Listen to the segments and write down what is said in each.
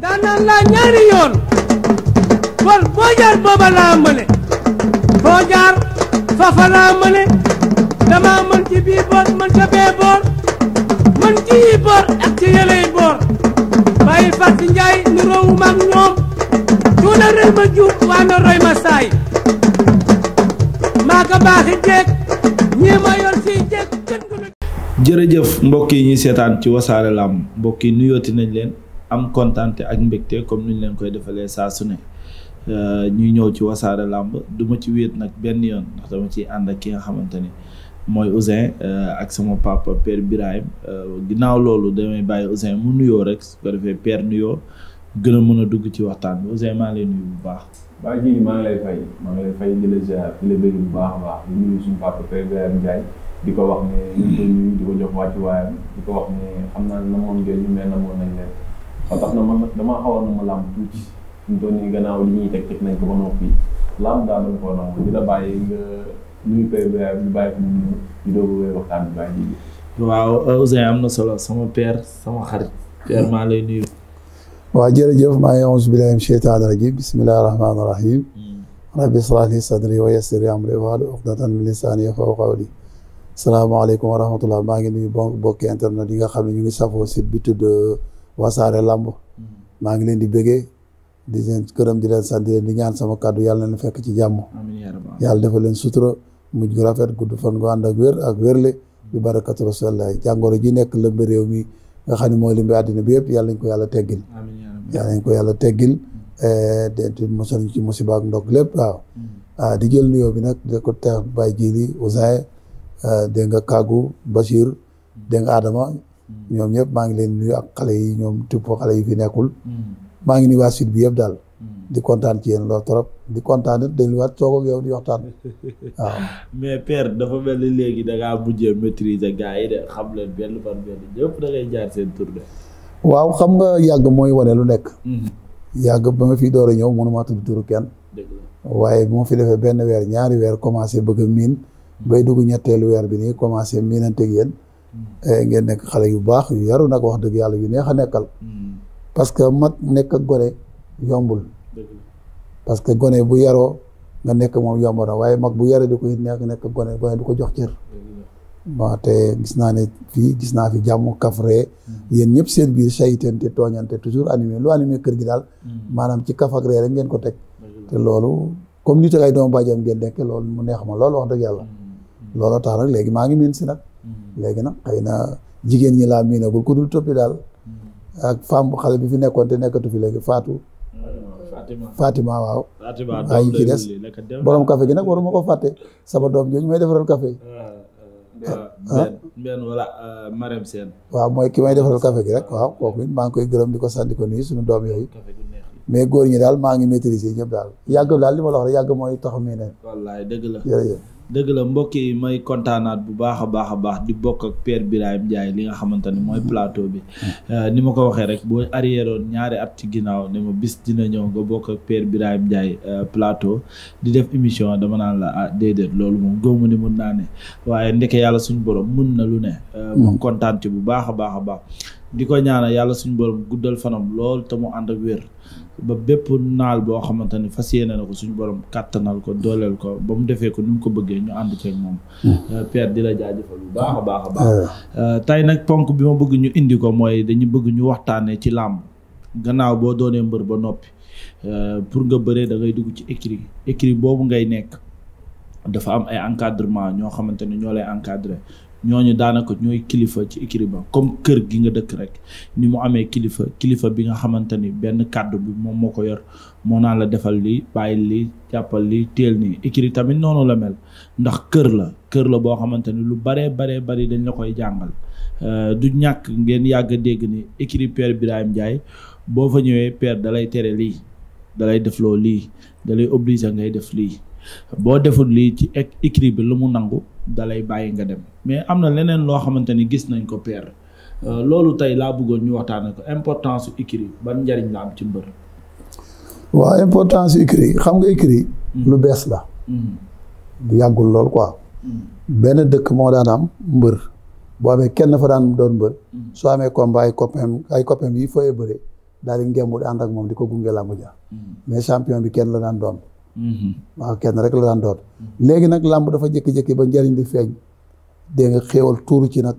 ndaanaan laa ñaari yoon kon boo jaar booba laa mëne foo jaar fafa laa mëne dama mën ci bii boor mën bee boor mën ci yi ak ci yëley boor bàyyi fàtt njaay nu ñoom tuuna rëy ma juub waa na roy ma saay maa baaxi jeeg ñii ma yor siy jeeg jërëjëf mbokk yi ñu seetaan ci wasaare làmb mbokk yi nuyooti nañ leen am kontante ak mbégte comme ni ñu leen koy defalee saa su ne euh, ñuy ñëw ci wasaare làmb du ma ci wéet nag benn yoon ndax dama ciy ànd ak ki nga xamante ni mooy Ousin euh, ak sama papa père Birahim euh, ginnaaw loolu damay bàyyi Ousin mu nuyoo rek su ko defee père nuyoo gën a mën a dugg ci waxtaan bi Ousin maa ngi lay bu baax. baa maa ngi lay fay la ziar baax a baax di nuyu suñu papa père Birahim Ndiaye di ko wax ne. ñu di ko jox wàccuwaayam di ko wax ne xam naa namoon ngeen ñu mel namoon nañ leen. ba tax na man nag damaa xaw a na mu làmb tuuti ñu doon ni gannaaw li ñuy teg teg nañ ko ba noppi làmb daal dama ko nangu di la bàyyi nga nuyu père bi bàyyi ko mu ñu doog a wéy waxtaan bi bàyyi ji. waaw Ouzin am na solo sama père sama xarit. père maa lay nuyu. waaw jërëjëf maa ngi auzu billaahi mina sheytaani rajiim bismillaahi rahmaani rahiim. Hmm. rabbi ishrah li sadri wa yassir li amri wahlul uqdatan min lisaani yafqahu qawli. salaamaaleykum wa rahmatulah maa ngi nuyu bokki internet yi nga xam ne ñu ngi safoo site bi tudd. wasaare làmb maa ngi leen di bëggee di leen këram di leen sant di di ñaan sama kàddu yàlla na leen fekk ci jàmm yàlla defal leen sutura mujj gu rafet gudd fan gu ànd ak wér ak wérle bi barakatu rasulillah jàngoro ji nekk lëmbi réew mi nga xam ne mooy lëmbi àddina bi yëpp yàlla nañ ko yàlla teggil yàlla nañ ko yàlla teggil te eh, mosal ñu ci musiba ak ndog lépp waaw mm. ah di jël nuyoo bi nag di ko teex Baye Jili Ousaye eh, dégg nga Kaagu Bachir mm. dégg nga Adama Mm. ñoom ñëpp maa ngi leen nuyu ak xale yi ñoom tupp xale yi fi nekkul. Mm. maa ngi nuyu waa sud bi yëpp daal. Mm. di kontaan ci yéen lool trop di kontaan it toog yow di waxtaan waaw. mais père dafa léegi da ngaa mujjee maîtriser gars xam leen benn fan benn waaw xam nga yàgg mooy wane lu nekk. Mm-hmm. yàgg ba ma fi door a ñëw mënuma tudd turu kenn. waaye bu fi defee benn weer ñaari weer commencé bëgg a miin. Mm-hmm. bay dugg ñetteelu weer bi nii commencé miinante ak yéen. Eh, ngeen nekk xale yu baax yu yaru nag wax dëgg yàlla yu neex a nekkal. Hmm. parce que mag nekk ak gone yombul. parce que gone bu yaroo nga nekk moom yomb na waaye mag bu yara di ko it nekk nekk gone gone du ko jox cër. te gis naa ne fii gis naa fi jàmm kafre hmm. yéen ñëpp seen biir saytante tooñante toujours animé lu animé kër gi daal. Hmm. maanaam ci kaf ak ko teg. te loolu comme nit ak ay doomu bàjjam ngeen nekk loolu mu neex ma loolu wax dëgg yàlla. looloo tax léegi maa ngi miin si nag. Mm-hmm. léegi nag xëy na jigéen ñi laa miinagul ku dul toppi daal mm-hmm. ak femme bu xale bi fi nekkoon te nekkatu fi léegi Fatou Fatima waaw waaye yi ci des borom café gi nag waruma ko fàtte sama doom jooju may defaral kafe ah, ah. ah. benn wala Marème Sène waaw mooy ki may defaral café gi rek waaw kooku it maa ngi koy gërëm di ko sant ko nuyu suñu doom yooyu mais góor ñi daal maa ngi maîtriser ñëpp daal yàgg daal li ma la rek yàgg mooy taxu mi ne wallaay dëgg la jërëjëf dëgg la mbokk yi may kontaanaat bu baax a baax a baax di bokk ak Père Birahim Ndiaye li nga xamante ni mooy plateau bi euh, ni ma ko waxee rek boo arrièroon ñaari at ci ginnaaw ne ma bis dina ñëw nga bokk ak Père Birahim Ndiaye euh, plateau di def émission dama naan la ah déedéet loolu moom góomu ni mun naa ne waaye ndeke yàlla suñu borom mun na lu ne euh, mu mm. kontaan bu baax a baax a baax di ko ñaanal yàlla suñu borom guddal fanam lool te mu ànd ak wér ba bépp naal boo xamante ni fas yéene na ko suñu borom kàttanal ko dooleel ko ba mu defee ko ni mu ko bëggee ñu ànd ceeg moom. Hmm. Euh, Pierre di la jaajëfal bu baax a baax a baax. Euh, tey nag ponk bi ma bëgg ñu indi ko mooy dañu bëgg ñu waxtaanee ci làmb gannaaw boo doonee mbër ba noppi euh, pour nga bëree dangay dugg ci écrit écrit boobu ngay nekk dafa am ay encadrement ñoo xamante ni ñoo lay encadré ñooñu daanaka ñooy kilifa ci écurie ba comme kër gi nga dëkk rek ni mu amee kilifa kilifa bi nga xamante ni benn kàddu bi moom moo ko yor moo naa la defal lii bàyyi lii jàppal li teel nii écurie tamit noonu la mel ndax kër la kër la boo xamante ni lu baree baree bari dañ la koy jàngal euh, du ñàkk ngeen yàgg a dégg ni écurie Père Birahim Ndiaye boo fa ñëwee père dalay tere lii dalay def loo lii dalay obligé ngay def lii boo deful lii ci écrit bi lu mu nangu dalay bàyyi nga dem mais am na leneen loo xamante ni gis nañ ko père euh, loolu tey laa bëggoon ñu waxtaanee ko importance su écrit ban njariñ la am ci mbër. waaw importance su écrit xam nga écrit hmm. lu bees la. bu hmm. yàggul lool ko hmm. benn dëkk moo daan am mbër. boo amee kenn fa daan doon mbër. soo amee combat ay copain ay copain yi fooyee bëre daal di ngemu ànd ak moom di ko gunge làmb ja mais champion bi kenn la daan doon. Mhm. waaw kenn rek la daan doon. léegi nag làmb dafa jékki-jékki ba njariñ li feeñ. dégg nga xéewal tuuru ci nag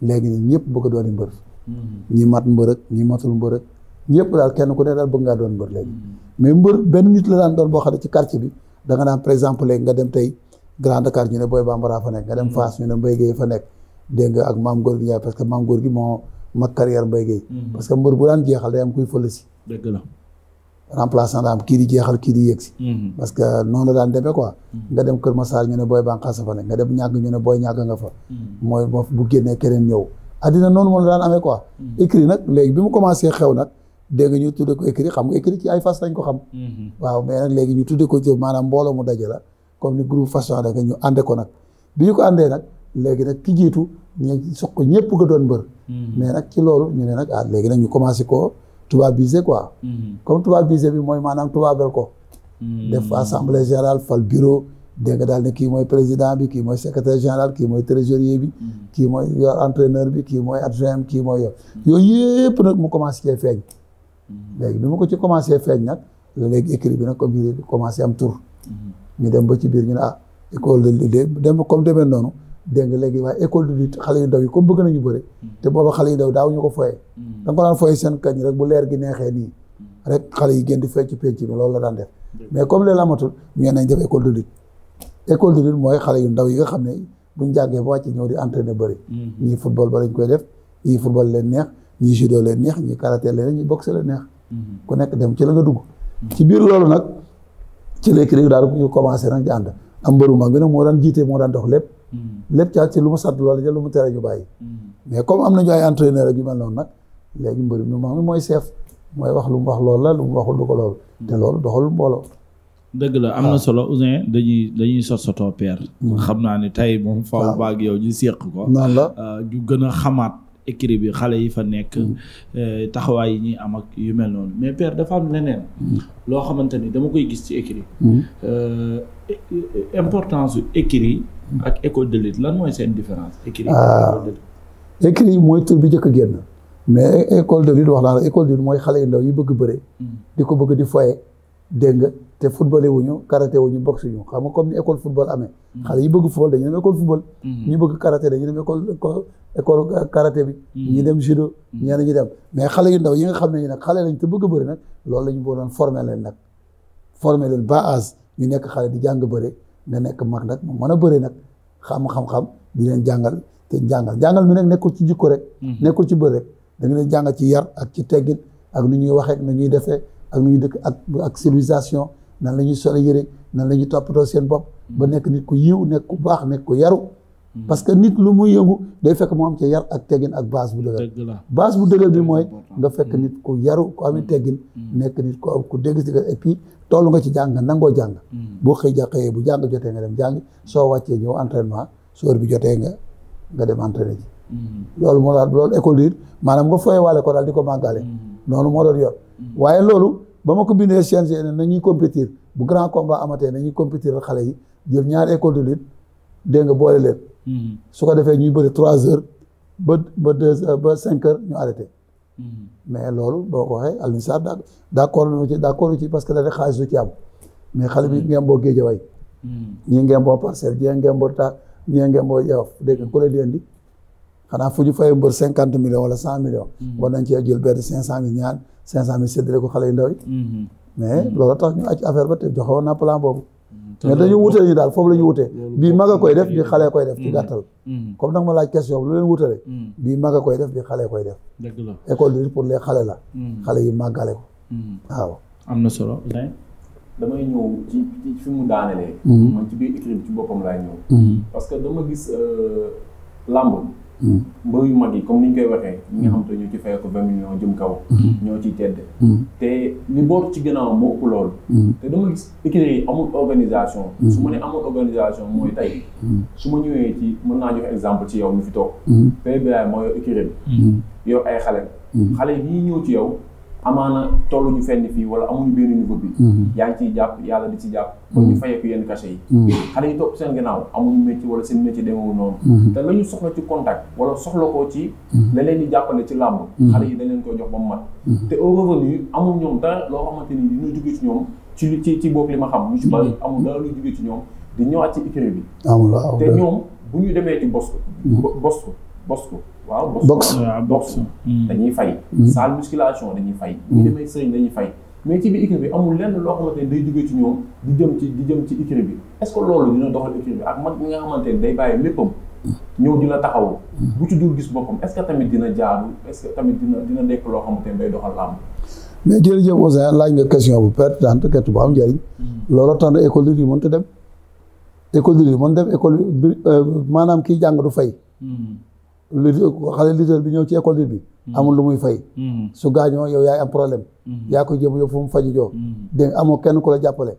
léegi ñëpp bëgg a doon mbër. Mhm. ñi mat mbër ak ñi matul mbër ak ñëpp daal kenn ku ne daal bëgg ngaa doon mbër léegi. Mhm. mais mbër benn nit la daan doon boo xam ne ci quartier bi danga nga naan par exemple léegi nga dem tey Grand Dakar ñu ne Boy Bambara fa nekk nga dem Fass ñu ne Mbaye Guèye fa nekk. dégg ak maam góor gi Ndiaye parce que maam gi moo mag carrière Mbaye Guèye. mbër bu daan jeexal day am kuy si. dëgg remplaçant daam kii di jeexal kii di yëgsi mhm. parce que noonu la daan demee quoi mhm. nga dem Kër Massar ñu ne booy banqaasa fa ne nga dem ñàgg ñu ne booy ñàgg nga fa mhm. mooy bu génnee keneen ñëw addina noonu moom la daan amee ko écrit nag léegi bi mu commencé xew nag dégg nga ñu tudde ko écrit xam nga fas ko xam waaw mais nag ñu tudde ko jëf maanaam mbooloo mu daje la comme ni groupe façon da ñu ànde ko nag bi ñu ko àndee nag léegi nag ki jiitu ñu soq ñëpp nga doon mbër mais nag ci loolu ñu ne nag ah léegi nag ñu commencé ko tubaabisé quoi. Mhm. comme tubaabisé bi mooy maanaam tubaabel ko. Mhm. def assemblée générale fal bureau. dégg daal ne kii mooy président bi kii mooy secrétaire général kii mooy trésorier bi. Mhm. kii mooy yor entraîneur bi kii mooy adjoint kii mooy yor. yooyu yëpp nag mu commencé cee feeñ. léegi bi mu ko ci commencé feeñ nag léegi écrit bi nag comme bi commencé am tur. ñu dem ba ci biir ñu ne ah école de dem comme demee noonu. dégg nga léegi waaye école de lutte xale yu ndaw yi comme bëgg nañu bëre te booba xale yu ndaw daaw ñu ko foye mm. da nga ko daan seen kañ rek bu leer gi neexee nii mm. rek xale yi gën di fecc penc loolu la daan def mais comme léegi amatul ñeen nañ def école de lutte école de lutte xale yu ndaw yi nga xam ne buñ jàngee ba wàcc ñëw di entraîner bëri mm-hmm. ñii football ba lañ koy def ñii football leen neex ñii judo leen neex ñii karaté leen neex ñii boxe leen neex mm-hmm. ku nekk dem ci la nga dugg mm-hmm. ci biir loolu nag ci léegi rek daal ñu commencé nag di ànd am mbëru mag bi nag moo daan jiite moo daan dox lépp Hmm. lépp caa ci lu mu sant loolu ja lu mu tere ñu bàyyi. Hmm. mais comme am nañu ay entraîneur ak yu mel noonu nag léegi mbër mi mooy chef mooy wax lu mu wax loolu lu mu waxul ko loolu. Hmm. te loolu doxalul mbooloo. la am ah. solo Ouzin dañuy dañuy sot sotoo père. xam naa ne tey moom faaw baag yow ñu séq ko. noonu la ju ah, gën a xamaat écrit bi xale yi fa nekk. Eh, taxawaay yi ñuy am ak yu mel noonu mais père dafa am leneen. loo xamante ni dama koy gis ci écrit. Euh, importance su écrit ak école de lutte lan mooy seen différence. écrit ak ah. de lutte. écrit mooy tur bi njëkk a génn. mais école de lutte wax naa la école mooy xale yu ndaw yi bëgg bëre. Hmm. di ko bëgg di foye dégg nga te footballé wuñu karaté wuñu boxe wuñu xam nga comme ni école football amee. Hmm. xale yi bëgg football dañuy dem école football. Hmm. ñi bëgg karaté dañuy dem école école karaté bi. ñi dem judo ñeneen ñi dem mais xale yu ndaw yi nga xam ne ñu nag xale lañ te bëgg bëri nag loolu la boo doon formé leen nag formé leen ba âge ñu nekk xale di jàng bëre. nga nekk mag nag mu mën a bëri nag xam xam di leen jàngal te jàngal jàngal mi nekkul ci jikko rek mhm. nekkul ci bëri rek da nga leen ci yar ak ci teggin ak nu ñuy waxee nu ñuy defee ak nu ñuy dëkk ak ak civilisation nan la ñuy sol yëre nan la ñuy toppatoo seen bopp ba mhm. nekk nit ku yiw nekk ku baax nekk ku yaru Hmm. parce que nit lu muy yëngu day fekk mu am ci yar ak teggin ak base bu dëgër base bu dëgër bi mooy nga fekk hmm. nit ku yaru ku amee hmm. teggin nekk nit ku ku dégg si et puis toll nga ci jàng nga nangoo jàng boo xëy ja bu jàng jotee nga dem jàng soo wàccee ñëw entraînement soor bi jotee nga nga dem entraîné ji loolu moo daal loolu école yi maanaam nga fooye waale ko daal di ko màggale noonu moo doon yor waaye loolu ba ma ko bindee CNG ne nañuy compétir bu grand combat amatee nañuy compétir xale yi jël ñaari école de lutte dégg nga boole leen. Mm-hmm. su ko defee ñu bëri trois heures ba ba deux ba cinq heures ñu arrete mm-hmm. mais loolu boo ko waxee Alioune daa d' accord nañu ci d' accord ci parce que da xaalis du ci am mais xale bi mm-hmm. ngeen boo géejawaay. ñii ngeen boo parcelle ñii ngeen boo ta ñii ngeen boo dégg ku leen di indi fu ñu fayee mbër cinquante millions wala cent millions. war nañ cee jël benn cinq cent mille cinq cent mille séddale ko xale yu ndaw yi. mais loolu tax ñu àcc affaire ba te joxewoon na plan boobu. mais dañu wutale ñu daal foofu la ñu wutee bii mag a koy def bii xale koy def ci mm. gàttal mm. comme nag ma laaj question bi lu leen wutale mm. bii mag a koy def bii xale koy def dëgg la école bi pour les xale la xale yi màggale ko waaw na solo damay ñëw ci ci fi mu daanelee man ci biir écrit ci boppam laay ñëw parce que dama gis euh, làmb mbër yu mag yi comme ni ñu koy waxee ñi nga xam te ñu ci fay ko vingt millions jëm kaw mm-hmm. ñoo ciy tedd mm-hmm. te li boot ci gannaaw moo ëpp loolu mm-hmm. te dama gis écurie yi amul organisation su ma ne amul organisation mooy tey su ma ñëwee ci mën naa jox exemple ci yow mi fi toog Père Birahim moo yor écurie bi yow ay xale xale yi ñëw ci yow amaana ñu fenn fii wala amuñu biir niveau bi mhm. yaa ngi ciy jàpp yàlla di ci jàpp ba ñu mhm. fayeeku yenn cachet yi mhm. xale yi topp seen gannaaw amuñu métier wala seen métier demewu noonu te la ñu soxla ci contact wala soxla ko ci la leen jàppale ci làmb xale yi dañ leen koy jox ba mu mat te au revenu amul ñoom dara loo xamante ni dina jóge ci ñoom ci ci ci boog li ma xam ñu ci bari amul dara luy jóge ci ñoom di ñëwaat ci écurie bi ah, te ñoom bu ñu demee ci bo bos box ko waaw box box ah, hmm. dañuy fay hmm. salle musculation dañuy fay ñu demee sëriñ dañuy fay mais ci biir équipe bi amul lenn loo xamante ne day jógee ci ñoom di jëm ci di jëm ci équipe bi est-ce que loolu dina doxal équipe bi ak mag mi nga xamante ne day bàyyi léppam ñëw di la taxaw bu ci dul gis boppam est-ce que tamit dina jaadu est-ce que tamit dina dina nekk loo xamante ne day doxal làmb mais jërëjëf Ousseyn laaj nga question bu pertinente kett bu am njëriñ hmm. loolu tax na école yi mënta dem école yi mënta dem école bi euh, maanaam kii jàng du fay leader xale leader bi ñëw ci école bi hmm. amul lu muy fay hmm. su gaañoo yow yaay am problème hmm. yaa koy jéem yow fu mu faju joo dégg amoo kenn ku la jàppale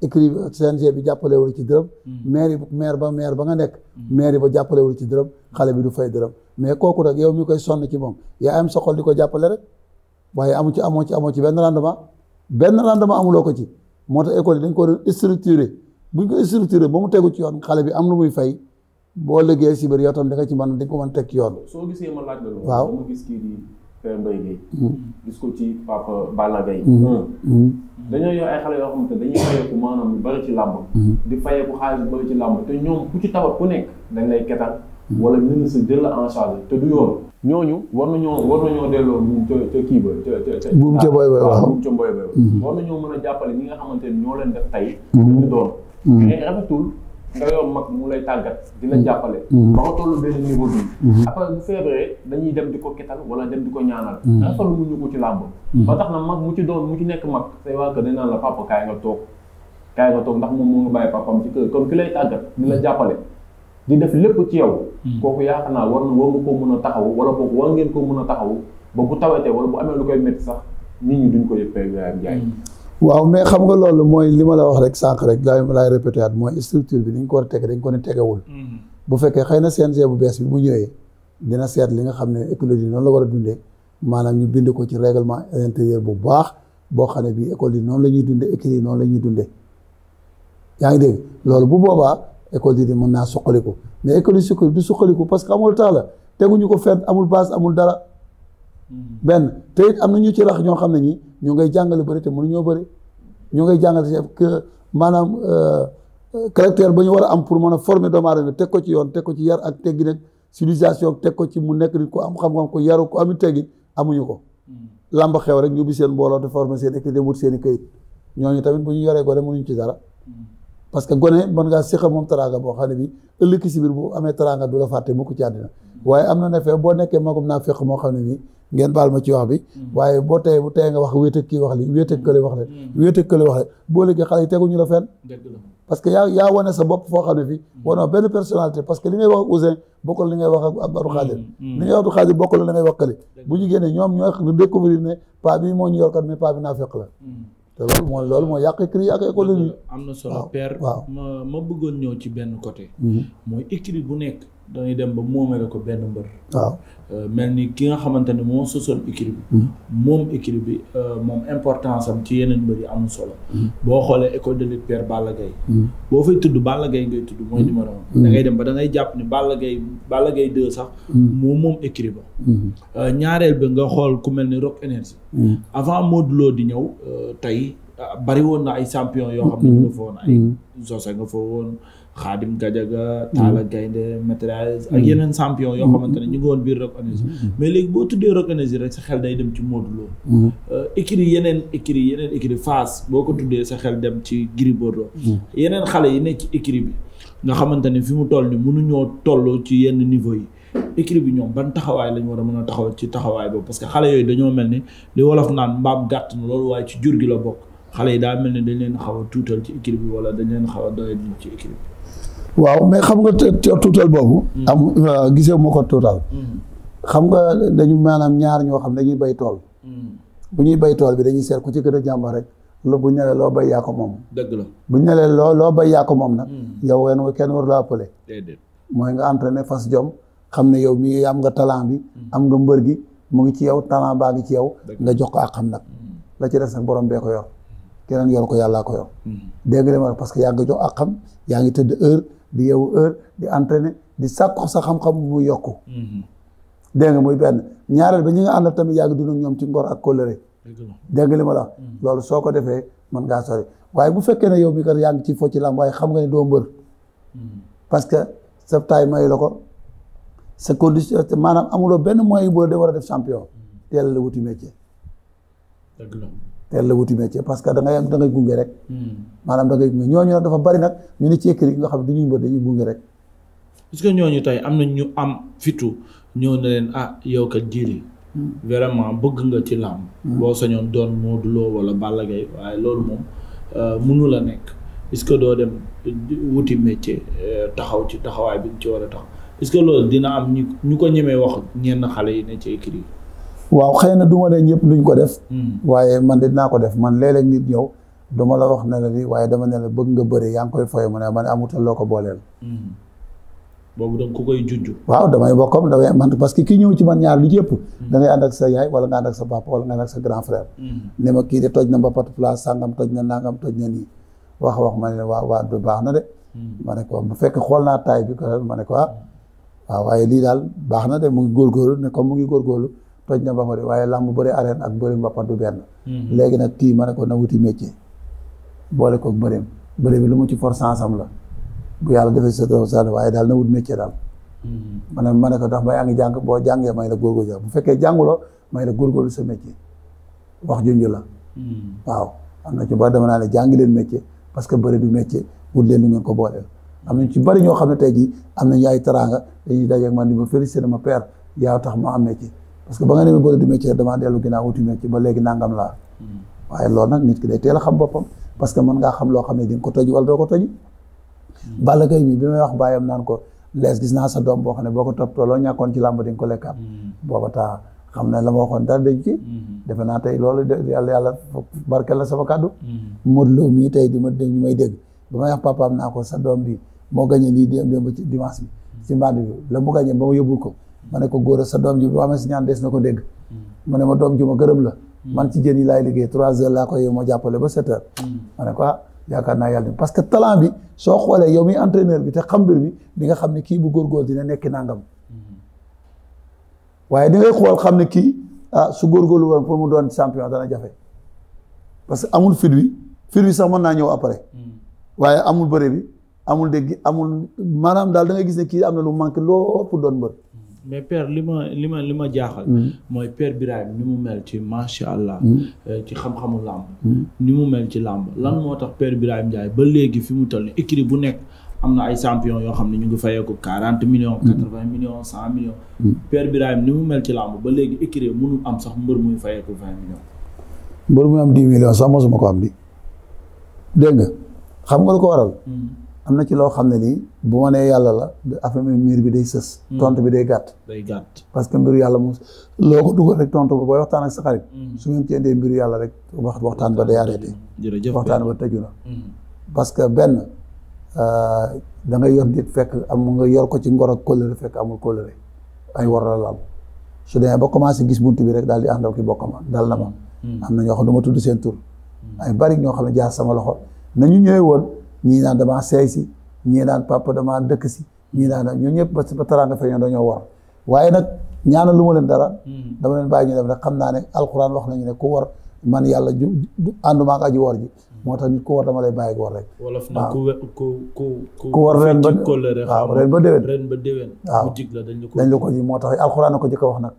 écrit CNG bi jàppalewul ci dërëm maire maire ba maire ba nga nekk maire ba jàppalewul ci dërëm xale bi du fay dërëm mais kooku rek yow mi koy sonn ci moom yaa am soxol di ko jàppale rek waaye amu ci amoo ci amoo ci benn rendement benn rendement amuloo ko ci moo tax école yi dañ koo doon structuré buñ ko structuré ba mu tegu ci yoon xale bi am lu muy fay boo liggéey si biir yow ci man di ko mën teg yoon. soo gisee ma laaj la loolu. waaw mu gis kii di Père Mbaye Guèye. Hmm. gis ko ci Papa Balla Gaye. Hmm. Hmm. dañoo yor ay xale yoo xamante ne dañuy fayeeku maanaam bari ci làmb. di fayeeku xaalis bu bari ci làmb te ñoom ku ci tabat ku nekk dañ lay ketal. wala ministre jël la en charge te du yoon. ñooñu war nañoo war nañoo delloo buum ca kii ba ca ca. buum ca booy booy ah, waaw buum ca booy booy. war nañoo mën a jàppale ñi nga xamante ne ñoo leen def tey. ñu doon. mais rafetul. nga yor mag mu lay tàggat di la mm-hmm. jàppale. Mm-hmm. ba nga toll benn niveau bi. Mm-hmm. après bu feebaree dañuy dem di ko ketal wala dem di ko ñaanal. dafa lu ñu ko ci làmb. ba tax na mag mu ci doon mu ci nekk mag say waa kër dañ naan la papa kaay nga toog kaay nga toog ndax moom moo nga bàyyi papam ci kër comme ki lay tàggat di la jàppale. di def lépp ci yow. kooku yaakaar naa war na war nga koo mën a taxaw wala kooku war ngeen koo mën a taxaw ba bu tawatee wala bu amee lu koy métti sax nit ñi duñ ko yëg Père Birahim Ndiaye. waaw mais xam nga loolu mooy li ma la wax rek sànq rek ma laay répété at mooy structure bi ni ñu ko war a teg dañ ko ne mm-hmm. bu fekkee xëy na CNG bu bees bi bu ñëwee dina seet li nga xam ne écologie noonu la war a dundee maanaam ñu bind ko ci règlement intérieur bu baax boo xam ne école yi noonu la ñuy dundee yi noonu la ñuy dundee yaa ngi dégg loolu bu boobaa école yi di mën naa suqaliku mais école yi suqali du suqaliku parce que amul taala teguñu ko fenn amul base amul dara Mm-hmm. benn te am na ñu ci rax ñoo xam ne ñi ñoo ngay jàngale bëri te mënuñoo bëri ñoo ngay jàngale chef que maanaam euh, caractère ba ñu war a am pour mën a former doomu aadama teg ko ci yoon teg ko ci yar ak teggi nag civilisation teg ko ci mu nekk nit ko am xam-xam ko yaru ko amit teggi amuñu ko mm-hmm. làmb xew rek ñu bi seen mbooloo te former seen équipe wut seen i këyit ñooñu tamit bu ñu yoree gone mënuñu ci dara mm-hmm. parce que gone mën ngaa séqa moom taraa taraanga boo xam ne bi ëllëg si biir bu amee taraanga du la fàtte mukk ci àddina waaye am na ne fee boo nekkee magum naa fekk moo xam ne nii ngeen baal ma ci wax bi mm-hmm. waaye boo tey bu tey nga wax wéet ak kii wax li wéet ak kële wax le mm-hmm. wéet ak kële wax le boo léegi xale parce que yaa yaa wane sa bopp xam ne fii mm-hmm. wanoo benn personnalité parce que li ngay wax ak Ousseyn bokkul li ngay wax ak Abdou Khadir li loolu moo loolu moo yàq écrit ak école am na solo père ma nekk dañuy dem ba moo moomee ko benn mbër. waaw euh, mel ni ki nga xamante ni moo sosoon écurie bi. Mm-hmm. moom écurie bi euh, moom importance am ci yeneen mbër yi amul solo. Mm-hmm. boo xoolee école de lutte Balla Gaye. Mm-hmm. boo fay tudd Balla Gaye ngay tudd numéro un. ngay dem ba da jàpp ni Balla Balla Gaye deux sax. moom moom écurie ba. Euh, ñaareel bi nga xool ku mel ni Rock Énergie. avant Modou Lo di ñëw tey bari woon na ay champion yoo xam ne nga fa woon ay Zosa nga fa woon. Xaadim Gajaga Talla mm-hmm. Gaynde Matérialise ak mm-hmm. yeneen champion yoo mm-hmm. xamante ne ñu ngi woon biir Rock Énergie mais léegi boo tuddee Rock Énergie rek sa xel day dem ci Modou Lo euh, yeneen écurie yeneen écurie Fass boo ko tuddee sa xel dem ci Gris Bordeaux yeneen xale yi nekk ci écurie bi nga xamante ne fi mu toll ni mënuñoo toll ci yenn niveau yi écurie bi ñoom ban taxawaay lañu war a mun a taxaw ci taxawaay boobu parce que xale yooyu dañoo mel ni li wolof naan mbaam gàtt na loolu waaye ci jur gi la bokk xale yi daa mel ni dañ leen xaw a tuutal ci bi wala dañ leen xaw a doyal waaw mais xam nga tuutal boobu. Mm. am euh, gisee ma ko tuutal. Mm. xam nga dañu maanaam ñaar ñoo xam dañuy bay tool. Mm. bu ñuy bay tool bi dañuy seet ku ci gën a jàmba rek. loolu bu ñu loo bay yaa moom. dëgg la bu ñu nee loo bay yaa ko moom nag. yow wen kenn war laa pële. déedéet mooy nga entraîné fas jom. xam ne yow mii am nga talent bi. am nga mbër gi mu ngi ci yaw talent baa ngi ci yaw nga jox ko ak xam nag. la ci des nag borom bee ko yor. keneen yor ko yàllaa ko yor. dégg nga parce que yaa ngi jox ak xam yaa ngi tëdd di yeewu heure di entraîner di sàkku sa xam-xam mu yokk mhm. dégg nga muy benn ñaareel ba ñi nga àndal tamit yàgg dund ak ñoom ci ngor ak kóllëre dégg nga li ma la mhm. loolu soo ko defee mën ngaa sori waaye bu fekkee ne yow mi kat yaa ngi ci foo ci làmb waaye xam nga ne doo mbër mhm. parce que sa taay mayu la ko sa condition maanaam amuloo benn moyen bu la de war a def champion teel la wuti métier teel la wuti métier parce que da ngay da gunge rek hmm. maanaam da ngay gunge ñooñu nag dafa bari nag ñu ne ci écrit yi nga xam ne du ñuy mbër dañuy gunge rek parce que ñooñu tey am na ñu am fitu ñoo ne leen ah yow ka jiir yi hmm. vraiment bëgg nga ci làmb hmm. boo sañoon doon moo Lo wala Balla Gaye waaye loolu moom euh, mënu la nekk est-ce que doo dem wuti métier euh, taxaw ci taxawaay bi nga ci war a taxaw est que loolu dina am ñu ñu ko ñemee wax ñenn xale yi ne ci écrit waaw xëy na du ma ne ñëpp ko def. Hmm. waaye man de dinaa ko def man léeg-léeg nit ñëw du ma la wax ne la lii waaye dama ne la bëgg nga bëre yaa ngi koy foyee ma ne man amutal loo ko booleel. Hmm. boobu donc ku koy jujju. waaw damay bokkam damay man parce que ki ñëw ci man ñaar lu jëpp. Hmm. da ngay ànd ak wala nga sa papa wala nga ànd sa grand frère. ne ma kii de toj na mbapat place sangam toj na nangam toj na nii wax wax ma ne waaw waaw baax na de. ma ne ko bu fekkee xool naa taay bi ko ma ne ko ah. waaw waaye lii daal baax na de mu ngi góorgóorlu ne comme mu ngi góorgóorlu toj na ba pare waaye làmb bëri arène ak bëri mbappat du benn. Mhm. léegi nag kii ma ne ko na wuti métier. boole koog bëreem bëri bi lu mu ci force am la bu yàlla defee sa doom sa waaye daal na wut métier daal. Mhm. ma ne ma ne ko ndax ba yaa ngi jàng boo jàngee may la góorgóorlu bu fekkee jànguloo may la góorgóorlu sa métier wax junj la. Mhm. waaw am na ci ba dama naa ne jàngi leen métier parce que bëri du métier wut leen lu ngeen ko booleel. am nañ ci bëri ñoo xam ne tey jii am nañu ay teraanga dañuy dajeeg man di ma félicité ma père yaa tax ma am métier. parce que ba nga demee bëri du métier damaa dellu ginnaaw wuti métier ba léegi nangam laa hmm. waaye loolu nag nit ki day teel a xam boppam parce que man ngaa xam loo xam ne di nga ko toj wala doo ko toj hmm. Balla Gaye bi bi ko lees gis naa sa doom boo xam ne boo ko toppatoo loo ñàkkoon ci làmb di ko lekkaat hmm. booba taa xam ne la ma waxoon dara dañ ci defe naa tey loolu yàlla yàlla barke la sama kàddu Modou Lo mii tey di ma dégg ñu may dégg ba may wax papaam naa ko sa doom bi moo gañe lii démb ci dimanche bi ci mbaand bi la mu gañe ba ma yóbbul ko ma ne ko góor a sa doom ji boo amee si ñaan des na ko dégg mu hmm. ne ma doom ji ma gërëm la hmm. man ci jën yi laay liggéey trois heures laa koy yow ma jàppale ba sept heures hmm. ma ne ko ah yaakaar naa yàlla parce que talent bi soo xoolee yow mi entraîneur bi te xam bir bi di nga xam ne kii bu góorgóor dina nekki nangam waaye di xam ne kii ah su góorgóorlu woon mu doon champion dana jafe parce que amul fit wi fit wi sax mën naa ñëw après waaye amul bëre bi amul dégg amul maanaam daal da ngay gis ne kii am na lu manqué loo pour doon mbër mais per li ma li ma li ma jaaxal. Mm. mooy père Birahim ni mu mel ci macha allah. Mm. Euh, ci xam-xamu làmb. Mm. ni mu mel ci làmb lan moo tax per Birahim Ndiaye ba léegi fi mu toll nii bu nekk am na ay champion yoo xam ne ñu ngi fayee ko quarante million quatre vingt millions cent millions. père Birahim ni mu mel ci làmb ba léegi écrit mënul am sax mbër muy fayee ko vingt millions. mbër muy am dix millions sax mosuma ko am di dégg nga xam nga lu ko waral. am na ci loo xam ne nii bu ma nee yàlla la affaire mi miir bi day sës. Hmm. tontu bi day gàtt. day parce que mbiru yàlla mu loo ko dugal rek tontu ba booy waxtaan ak sa xarit. Hmm. su ngeen cee dee mbiru yàlla rek wax waxtaan ba day arrêté. jërëjëf waxtaan ba tëju na. Hmm. parce que benn euh, da yor nit fekk am nga yor ko ci ngoro ak kóllëre fekk amul kóllëre ay war a laal su demee ba commencé gis buntu bi rek daal di ànd ak ki bokkam dal na ma. am na ñoo xam ne tudd seen tur. ay bari ñoo xam ne jaar sama loxo na ñu ñëwee woon. ñii naan damaa seey si ñii naan papa damaa dëkk si ñii naan ñoo ñëpp ba taraanga feeñoo dañoo war waaye nag ñaana lu ma leen dara hmm. dama leen bàyyi ñu def rek xam naa ne alxuraan wax nañu ne ku war man yàlla ju ànduma aji war ji moo tax nit ku war dama bàyyi war rek. wolof na ku ku ku war ren ba waaw ren ba déwén ren ba ko ji moo tax alxuraan ko jëkk wax nag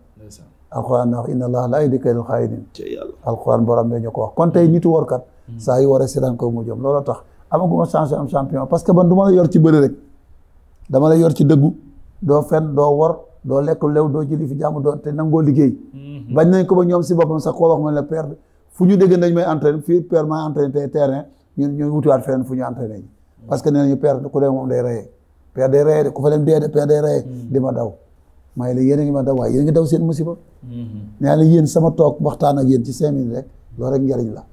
alxuraan na wax inna allah la yahdi kaydal xaa'iniin alxuraan borom bee ñu ko wax kon tey hmm. nitu kat hmm. saa yi waree si daan koy mu jëm loolu tax amaguma chance am champion parce que man du la yor ci bëri rek dama la yor ci dëggu doo fen doo wor doo lekkul lew doo jëli fi jàmm doo te nangoo liggéey. Mhm. ba nañ ko ba ñoom si boppam sax koo wax ma ne la père fu ñu dégg dañ may entraîné fii père maa entraîné tey terrain ñun ñu wutiwaat feneen fu ñu entraîné parce que nee nañu père ku dem moom day rayee père day rayee de ku fa dem dee de père day rayee mhm. di ma daw maa ngi la yéen a ma daw waaye yéen a ngi daw seen musiba mhm. nee la yéen sama toog waxtaan ak yéen ci cinq rek loolu rek njëriñ la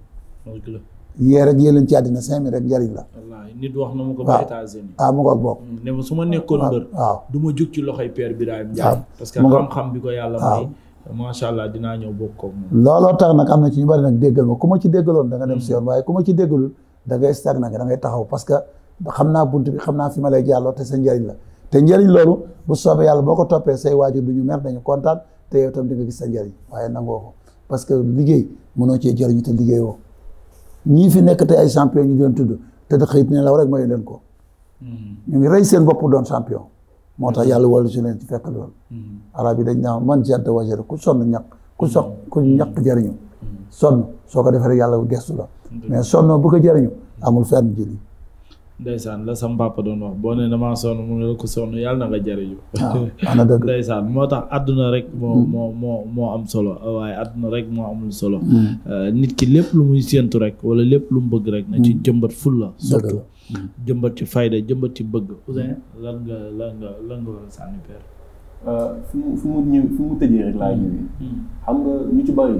yee rek yéen ci àddina cinq mille rek njariñ la. wallaahi nit wax na ko ba États-Unis. ah mu ko bokk. Mm, ne ma su ma nekkoon mbër. waaw du ma jug ci loxoy Père Birahim Ndiaye. parce que xam-xam ko yàlla may. macha allah dinaa ñëw bokk ak looloo tax nag am na ci ñu bari nag déggal ma ku ma ci déggaloon da dem mm. si yoon waaye ku ma ci déggalul dangay ngay na da ngay taxaw parce que xam naa bunt bi xam naa fi ma lay jàlloo te sa njariñ la te njariñ loolu bu soobee yàlla boo ko toppee say waajur bi ñu mer dañu kontaan te yow tam di nga gis sa njariñ waaye nangoo ko parce que liggéey mënoo cee jëriñu te liggéeyoo ñii fi nekk tey ay champion ñu doon tudd te da xëyit ne law rek mayu leen ko hmm. ñu ngi rey seen bopp doon champion moo tax yàlla wàllu si leen ti fekk loolu hmm. arab yi dañ naan man jadda wajara ku sonn ñaq ku sox hmm. ku ñaq jëriñu sonn soo ko defee rek yàlla gestu la mais sonn bu ko jëriñu amul fenn jëli ndeysaan la sa papa doon wax boo ne damaa sonn mu ne la ko sonn yàlla na nga jariñu ndeysaan moo tax àdduna rek hmm. moo moo moo am solo waaye àdduna rek moo amul solo hmm. euh, nit ki lépp lu muy séentu rek wala lépp lu mu bëgg rek na ci hmm. jëmbat fulla surtout jëmbat ci fayda jëmbat ci bëgg Ouzin lan nga lan nga lan nga war a sànni peer euh, fi mu fi mu ñëw mu tëjee rek laa ñëwee xam nga ñu ci bari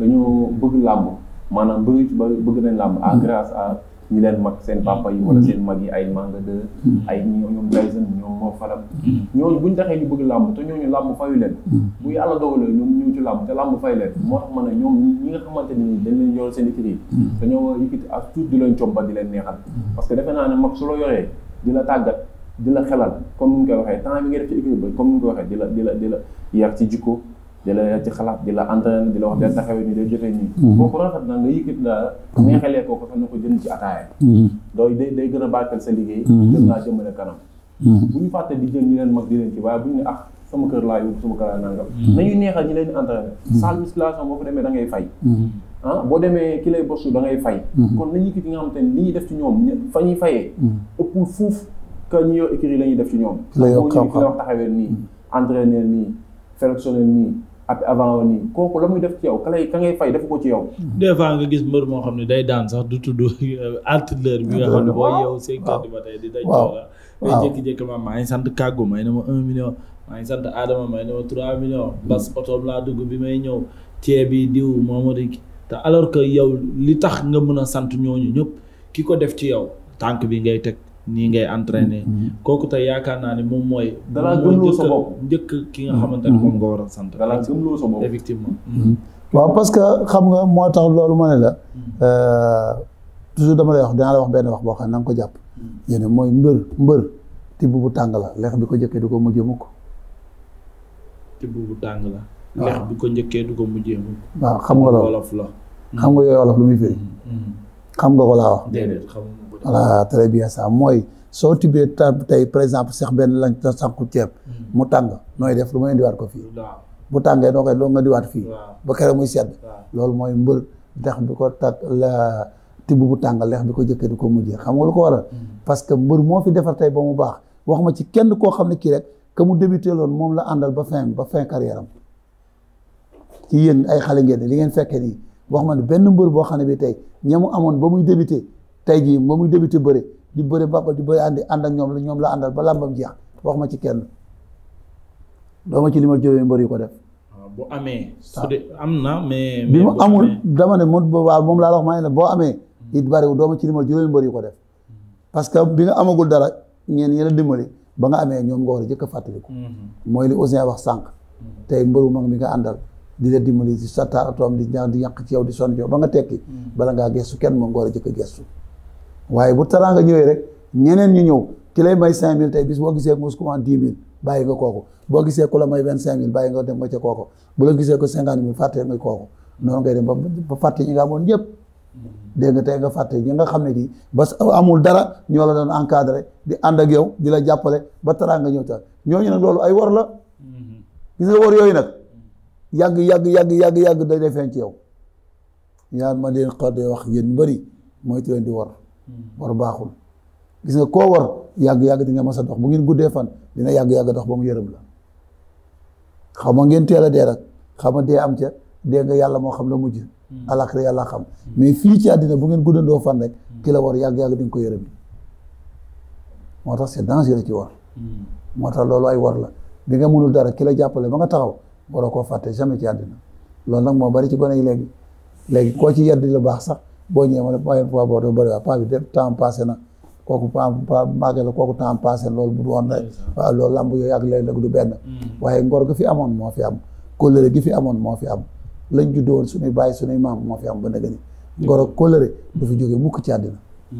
dañoo bëgg làmb maanaam bëgg ci bëgg nañ làmb à ah, grâce à ñu leen mag seen papa yi wala mm-hmm. seen mag yi ay Manga 2 mm-hmm. ay ñoom Tyson ñoom moo faram mm-hmm. ñooñu buñ taxee ñu bëgg làmb te ñooñu làmb fayu leen bu yàlla dogalee ñoom ñu ci làmb te làmb fay leen moo tax ma ne ñoom ñi nga xamante ni dañ leen yor seen écurie yi dañoo war a yëkkati ak di leen combat di leen neexal parce que defe naa ne mag su la yoree di la tàggat di la xelal comme ni ñu koy waxee temps bi nga def ci écurie ba comme ni ñu waxee di la di la di la yar ci jikko di la ci xalaat bi la entraîné di la wax del taxawee ni day jotee nii mhm. booku rafet na nga yëkkit la neexalee mhm. ko ko xam ne ko jënd ci ataaya mhm. dooy day gën a barkeel sa liggéey gën laa jëmale kanam bu ñu fàtte di jël ñi leen mag di leen ci waaye bu ñu ne ah sama kër laa yóbbu sama kër laa nangam nañu neexal ñi leen entraîné salle musculation boo ko demee da ngay fay ah, boo demee ki lay bosu da ngay fay kon nañu ñu nga xam te ne li ñuy def ci ñoom fa ñuy fayee ëppul fuuf que ñu la ñuy def ci ñoom ki la wax taxawee nii entraîné nii flexionné nii at avant nii kooku la muy def ci yow ka lay ka ngay fay def ko ci yow. des fois nga gis mbër moo xam ne day daan sax du tudd euh, entraîneur bi nga xam ne boo yow cinq heures du di daj coola day jékki-jékki maa ngi sant kàggu ma un million maa ngi sant Adama may na ma trois millions bas otoom laa dugg bi may ñëw ceeb bi diw mooma di te alors que yow li tax nga mun a sant ñooñu ñëpp ki ko def ci yow tànk bi ngay teg nii ngay entraîner. Mm-hmm. kooku tey yaakaar naa ne moom mooy. dalaa gëmloo sa bopp njëkk ki nga mm-hmm. xamante moom nga war a sant. dalaa mm-hmm. waaw parce que xam nga moo tax loolu ma ne la euh, toujours dama lay wax dinaa la wax benn wax boo xam nga ko jàpp. yéen mooy mbër mbër tibb bu tàng la lex bi ko njëkkee du ko mujjee mukk. tibb bu tàng la. lex bi ko njëkkee du ko mujjee mukk. waaw xam nga loolu xam nga yooyu wolof lu muy firi. xam nga ko laa wax. déedéet xam nga voilà mooy soo tibbee tey par exemple sax benn lañ la sànku ceeb. Hmm. mu tàng nooy def lu ma indiwaat ko fii. bu tàngee doo koy loo nga diwaat fii. ba keroog muy sedd. loolu mooy mbër dex bi ko tag la tibb bu tàng lex bi ko jëkkee di ko mujjee xam nga lu ko waral. Hmm. parce que mbër moo fi defar tey ba mu baax wax ma ci kenn koo xam ne kii rek que mu débuté loon moom la àndal ba fin ba fin carrière am. ci yéen ay xale ngeen li ngeen fekkee nii. wax ma ne benn mbër boo xam ne bi tey mu amoon ba muy débuté tey jii ba muy débuté bëre di bëre ba di bëre àndi ànd ñoom la ñoom la àndal ba làmbam jeex wax ma ci kenn doo ci li ma jógee mbër yu ko def. Ah, bu amee. su ah. am na bi mu amul dama ne moom moom laa wax maa ngi boo amee. Hmm. it bariwul doo ma ci li ma jógee mbër yu ko def. parce que bi nga amagul dara ñeen ñi la dimbali ba nga amee ñoom nga war a jëkk a fàttaliku. Hmm. mooy li Ousin wax sànq. Hmm. tey mbëru mag mi nga àndal. di la dimbali si sa taatoom di ñaan di yàq ci yow di sonn yow ba nga tekki mm. bala ngaa gestu kenn moom nga war a jëkk gestu waaye bu teraanga ñëwee rek ñeneen ñu ñëw ki lay may cinq mille tey bis boo gisee mus commande dix mille bàyyi nga kooku boo gisee ku la may vingt cinq mille dem nga ca kooku bu la gisee ko cinquante mille fàtte nga kooku noonu ngay dem ba fàtte ñi nga amoon ñëpp mm. dégg nga tey nga fàtte ñi nga xam ne ji ba amul dara ñoo la doon encadré di ànd ak yow di la jàppale ba teraanga ñëw ta ñooñu nag loolu ay war la mm-hmm. gis nga wor yooyu nag yàgg yàgg yàgg yàgg yàgg day defeen ci yow ñaar ma leen xaw day wax yéen bëri mooy ci leen di war hmm. war baaxul gis nga koo war yàgg yàgg di nga mas a dox bu ngeen guddee fan dina yàgg yàgg dox ba mu yërëm la xaw ngeen teel a dee rek xaw ma dee am ca dee nga yàlla moo xam la mujj hmm. alaaxira yàlla xam hmm. mais fii ci àddina bu ngeen guddandoo fan rek ki la war yàgg yàgg di nga ko yërëm moo tax c'est la ci war moo tax loolu ay war la bi nga mënul dara ki jàppale ba nga taxaw waroo koo fàtte jamais ci àddina loolu nag moo bari ci gone yi léegi léegi koo ci yedd lu baax sax boo ñëwee ma ne paa paa boo bëri waa paa bi def temps na kooku paa paa màgge la kooku temps passé loolu bu doon rek waaw làmb yooyu ak léeg-léeg du benn mm. waaye ngor gi fi amoon moo fi am kóllëre gi fi amoon moo fi am lañ juddoon suñuy bàyyi suñuy maam moo fi am ba nëgëni ngor ak kóllëre du fi jóge mukk ci àddina mm.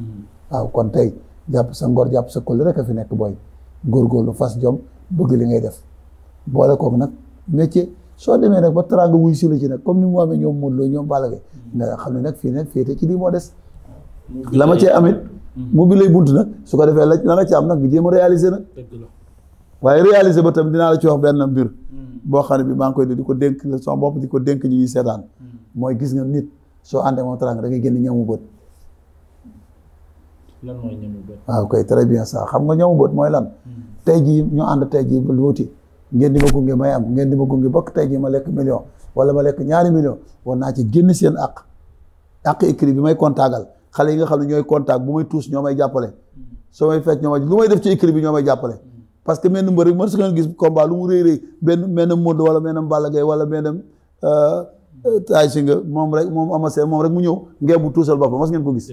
waaw kon tey jàpp sa ngor jàpp sa kóllëre ka fi nekk booy lu fas jom bëgg li ngay def boole kook nag métier soo demee nag ba teraanga wuy si la ci nag comme ni mu amee ñoom Modou Lo ñoom Balla nga xam ne nag fii fii féete ci lii moo des la ma cee amit mu bi lay bunt nag su ko defee la la nga ci am nag nga nag waaye réaliser ba tamit dinaa benn mbir hmm. boo xam bi maa di ko dénk la sama bopp di ko dénk ñi ñuy seetaan hmm. mooy gis nga nit soo àndee moom teraanga da ngay génn ñamu bët lan mooy ñamu bët waaw kay bien ça xam nga ñamu bët mooy lan hmm. tey ji ñoo ànd tey ji lu wuti ngeen di ma gunge may am ngeen di ma gunge bokk tey jii ma lekk million wala ma lekk ñaari million war naa ci génn seen àq àq écrit bi may kontaagal xale yi nga xam ne ñooy contact bu may tuus ñoo may jàppale soo may fecc ñoo may def ci écrit bi ñoo may jàppale parce que menn mbër rek mën nga mu rëy rëy benn menn Modou wala menn Balla Gaye wala menn euh, euh, Tay Shinger moom rek moom Ama Sène moom rek mu ñëw ngeen bu tuusal boppam mas ngeen ko gis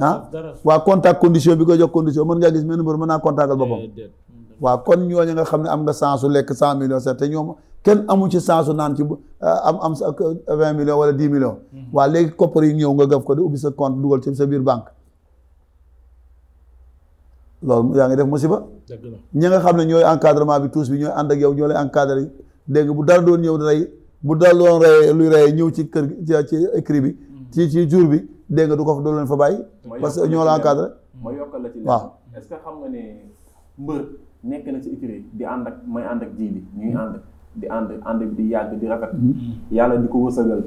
ah waa contact condition bi koy jox condition mën ngaa gis menn mbër mën naa contactal boppam waaw kon ñooñu nga xam ne am nga sensu lekk cent millions sax te ñoom kenn amu ci sensu naan ci eh, am am sa eh, vingt millions wala dix millions. Mhm. waa léegi koppar yi ñëw nga gaf ko di ubbi sa compte dugal ci sa biir banque. loolu yaa ngi def musiba. dëgg la ñi nga xam ne ñooy encadrement bi tous bi ñooy ànd ak yow ñoo lay encadré dégg bu dara doon ñëw rey bu dara doon rey luy rey ñëw ci kër ci écrit bi. Mhm. ci ci jour bi dégg nga du ko doo leen fa bàyyi. parce que ñoo la encadré. ma waaw est nga ne mbër. nekk na si écurie di ànd ak may ànd ak ji bi ñuy mm-hmm. ànd di ànd ànd yàgg di rafet mm-hmm. yàlla di ko wësagal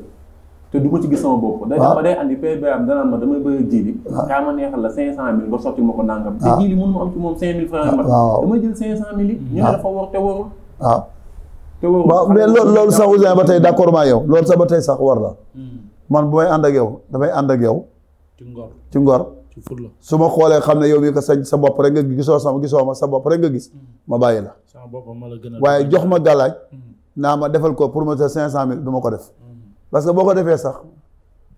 te du ma ci gis sama bopp day ma ma damay bëgg ji bi kaa la cinq cent mille sotti ma ko nangam te moom cinq mille francs jël cinq cent mille yi ñu ne dafa war te ba tey d'accord maa yow loolu sax ba tey sax la mm-hmm. man bu may ànd ak yow damay ànd ak yow ci ngor ci ngor su ma xoolee xam ne yow mi ko sañ sa bopp rek nga ma sa bopp rek nga gis mm. ma bàyyi la waaye jox ma gàllaaj mm. naa ma defal ko pour ma sa cinq cent mille du ma ko def mm. parce que boo ko defee sax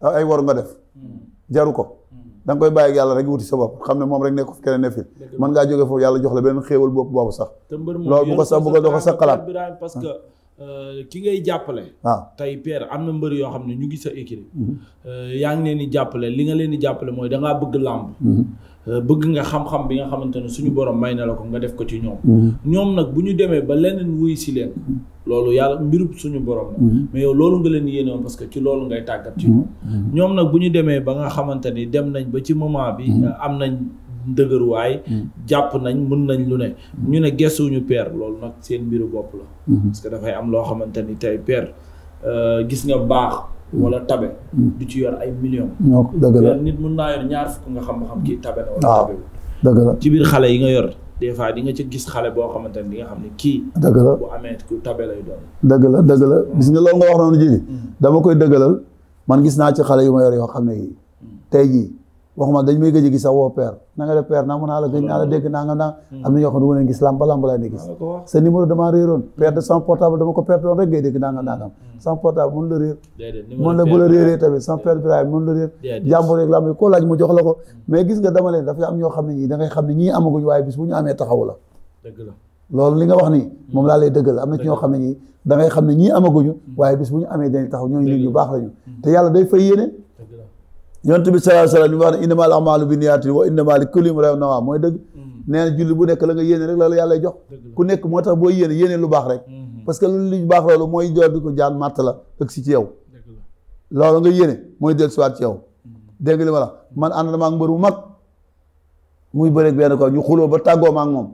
ay war nga def jaru ko da koy bàyyi yàlla rek wuti sa bopp xam ne moom rek nekk fi keneen ne fi mën ngaa jógee foofu yàlla jox la benn xéewal bopp boobu sax loolu bu ko sax bu ko doo ko sax xalaat Euh, ki ngay jàppale. waaw ah. tey Pierre am na mbër yoo xam ne ñu ngi sa écurie. Mhm. Euh, yaa ngi leen di jàppale li nga leen di jàppale mooy da ngaa bëgg làmb. Mhm. Euh, bëgg nga xam-xam bi nga xamante ne suñu borom may na la ko nga def ko ci ñoom. Mhm. ñoom nag bu ñu demee ba leneen wuyu si leen. loolu yàlla mbirub suñu borom la. mais yow loolu nga leen yéenoon parce que ci loolu ngay tàggat ci ñoom. ñoom nag bu ñu demee ba nga xamante ni dem nañ ba ci moment bi am nañ. dëgërwaay mm. jàpp nañ mën nañ lu ne mm. ñu ne gesuñu per loolu nag seen mbiru bopp la mm-hmm. parce que dafay am loo xamante ni tey père euh, gis nga baax wala tabe mm. ci yor ay millions dëgg la nit mën naa ñaar fukk nga xam-xam kii tabe na wala ah, dëgg ci biir xale yi nga yor des fois di nga ci gis xale boo xamante ni di nga xam ne kii. dëgg la bu amee ku tabe lay doon. dëgg la dëgg la gis nga loolu nga wax noonu ji. dama koy dëggalal man gis naa ci xale yu ma yor yoo xam ne yii. tey jii waxuma dañ may gëj a gis sax woo père na naa mën naa la gëj naa la dégg naa hmm. de sans portable dama ko hmm. la réer mën la hmm. mais gis nga dama leen dafa am ñoo xam ne ñii da ngay xam ne ñii amaguñ waaye bis bu la loolu li nga wax nii moom laa lay dëggal am na ci ñoo xam ne ñii da ngay xam ne ñii amaguñu waaye bis bu ñu amee dañ taxaw ñooñu nit ñu baax lañu te yàlla day fay yéene yonent bi sallallahu alayhi wasallam bi wax ne innamal a'malu binniyaati wa innamal likulli imrin nawa mooy dëgg mm-hmm. nee na bu nekk la nga yéene rek la la yàlla jox ku nekk moo tax boo yéene yéene lu baax rek mm-hmm. parce que lu baax loolu mooy joor di ko jaan màtt la ëgg si ci yow loolu nga yéene mooy del siwaat ci yow mm-hmm. dégg li ma la man ànd na maag mbër mu mag muy bëreeg benn ko ñu xuloo ba tàggoo maag moom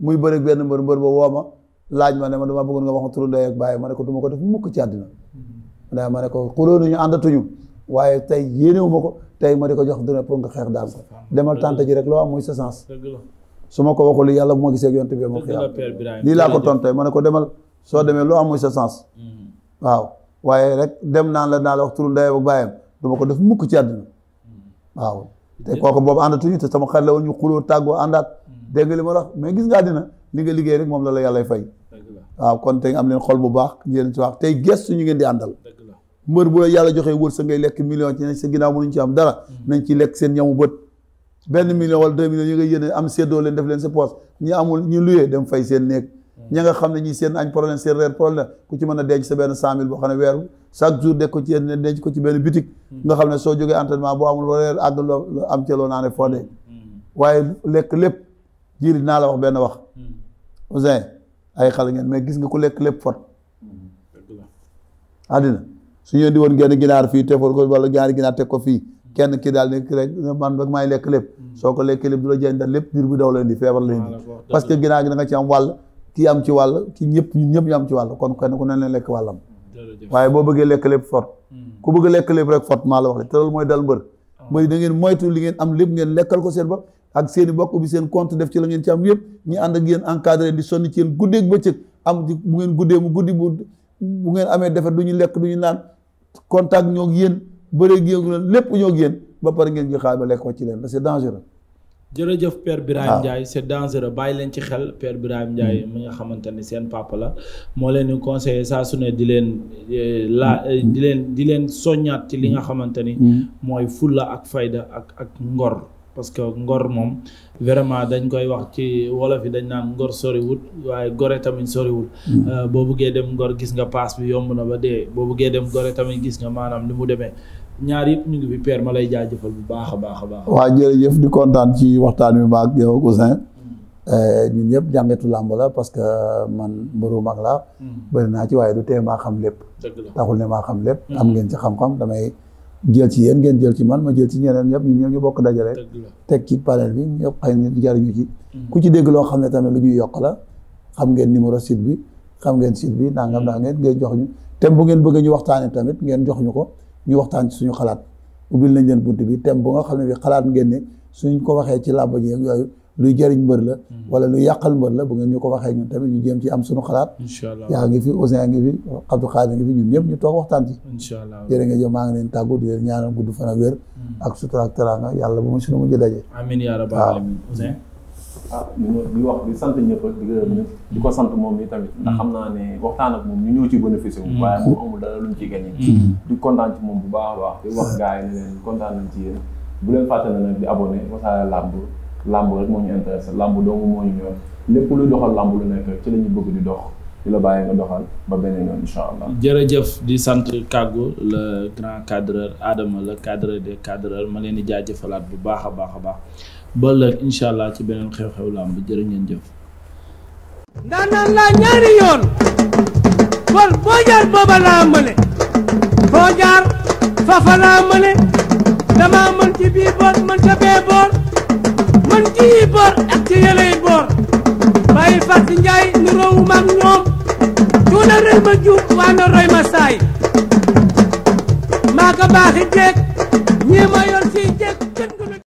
muy bëreeg benn mbër mbër ba woo ma laaj ma ne ma dama bëggoon nga wax ma turu ndey ak bàyyi ma ne ko ma ko def mukk ci àddina ma ne ko xuloo nañu àndatuñu waaye tey yéenewu ko tey ma di ko jox dina pour nga xeex daan ko demal tànta ji rek loo am muy sa sens su ma ko waxul yàlla bu ma gisee ak yonent bi ma xiyaam lii laa ko tontee ma ne ko demal soo demee loo am muy sa mm-hmm. waaw waaye rek dem naan la naa la wax turu ndeyam bu baayam du ma ko def mukk ci àdduna mm-hmm. waaw te kooku boobu àndatuñu te sama xel la woon ñu xuloo tàggoo àndaat mm-hmm. dégg li ma wax mais gis nga àddina li nga liggéey rek moom la la yàllay fay waaw kon am leen xol bu baax yéen ci wax tey gestu ñu ngeen di àndal mbër bu la yàlla joxee wërsëg ngay lekk million ci sa ginnaaw mënuñ ci am dara nañ ci lekk seen ñamu bët benn million wala deux millions ñi nga yéene am séddoo leen def leen sa poos ñi amul ñu luyee dem fay seen néeg ña nga xam ne ñu seen añ problème seen reer problème ku ci mën a denc sa benn cent mille boo xam ne weeru chaque jour de ko ci yéen denc ko ci benn nga xam ne soo jógee entraînement boo amul loo reer loo am ca loo naa ne waaye lekk lépp jiiri naa la wax benn wax Ouzin ay xale ngeen mais gis nga ku lekk lépp fot àddina su ñu di woon genn ginaar fii tefoon ko wala ñaari ginaar teg ko fii kenn ki daal ne ki rek man rek maay lekk lépp soo ko lekkee lépp du la jëriñ ndax lépp biir bu daw leen di feebar leen di parce que ginaar gi da nga ci am wàll kii am ci wàll kii ñëpp ñun ñëpp ñu am ci wàll kon kenn ku ne leen lekk wàllam waaye boo bëggee lekk lépp fort hmm. ku bëgg lekk lépp rek fort maa la wax te loolu mooy dal mbër ah. mbër da ngeen moytu li ngeen am lépp ngeen lekkal ko seen bopp ak seen i bokk bi seen compte def ci la ngeen ci am yëpp ñu ànd ak yéen encadré di sonn ci yéen guddeeg bëccëg am bu ngeen guddee mu guddi bu ngeen amee defet du ñu lekk du ñu naan contact ñoo yéen bëree géegu leen lépp ñoo yéen ba pare ngeen ñu xaar ba lekk ci leen c'est dangereux. jërëjëf Père Birahim Ndiaye c'est dangereux bàyyi leen ci xel Père Birahim Ndiaye hmm. mi nga xamante ni seen papa la moo leen di saa su ne di leen eh, la hmm. eh, di leen di leen soññaat ci li nga hmm. xamante ni mooy fulla ak fayda ak ak ngor parce que ngor moom vraiment dañ koy wax ci wolof yi dañ naan ngor soriwut waaye gore tamit soriwul mm. euh, boo buggee dem ngor gis nga paas bi yomb na ba dee boo buggee dem gore tamit gis nga maanaam li mu demee ñaar yëpp ñu ngi fi père ma lay jaajëfal bu baax a baax a baax waa jërëjëf di kontaan ci waxtaan wi ma ak yow cousin mm. euh, ñun ñëpp jàngetu làmb la parce que euh, man mbëru mag la mm. bëri naa ci waaye du tee maa xam lépp taxul ne maa xam lépp am ngeen ci xam-xam damay jël ci yéen ngeen jël ci man ma jël ci ñeneen ñëpp ñun ñëpp ñu bokk dajale teg ci panel bi ñëpp xëy nit jariñu ci mm-hmm. ku ci dégg loo xam ne tamit lu ñuy yokk la xam ngeen numéro site bi xam ngeen site bi nangam mm-hmm. naa ngeen ngeen jox ñu thème bu ngeen bëgg ñu waxtaanee tamit ngeen jox ñu ko ñu waxtaan ci suñu xalaat ubbil nañ leen bunt bi thème bu nga xam ne bi xalaat ngeen ne suñ ko waxee ci làmb ji ak yooyu luy jëriñ mbër la hmm. wala luy yàqal mbër la bu ngeen ñu ko waxee ñun tamit ñu jéem ci am suñu xalaat incha allah yaa ngi fi a ngi fi Abdou Khadir ngi fi ñun ñëpp ñu toog waxtaan ci incha allah jërë ngeen jëf maa ngi leen tàggu di leen ñaanal gudd fan ak wér hmm. ak sutura ak teraanga bu mu suñu mujj daje amiin ah, ko sant moom mi tamit hmm. ndax xam naa ne waxtaan ak moom ñu ñëw ci bénéficié waaye moom amul dara luñ ci gagné di kontaan ci moom bu baax a baax di wax gars yi ne leen kontaan nañ ci yéen bu leen nag di abonné Wassare Lamb làmb rek moo ñu intéressé làmb doomu moo ñu ñor lépp luy doxal làmb lu nekk ci la bëgg di dox di la bàyyi nga doxal ba beneen yoon incha allah. jërëjëf di sant Kaggu le grand cadreur Adama le cadre des cadreurs ma leen di jaajëfalaat bu baax a baax a baax ba léegi incha allah ci beneen xew-xew làmb jërë ngeen jëf. ndaanaan laa ñaari yoon bor boo nekkoon ci boor ak ci yëley boor bàyyi fas njaay nu roowu mag ñoom cuuna rëy ma juub waa a roy ma saay maa ko baaxi jeeg a ma yor si jeeg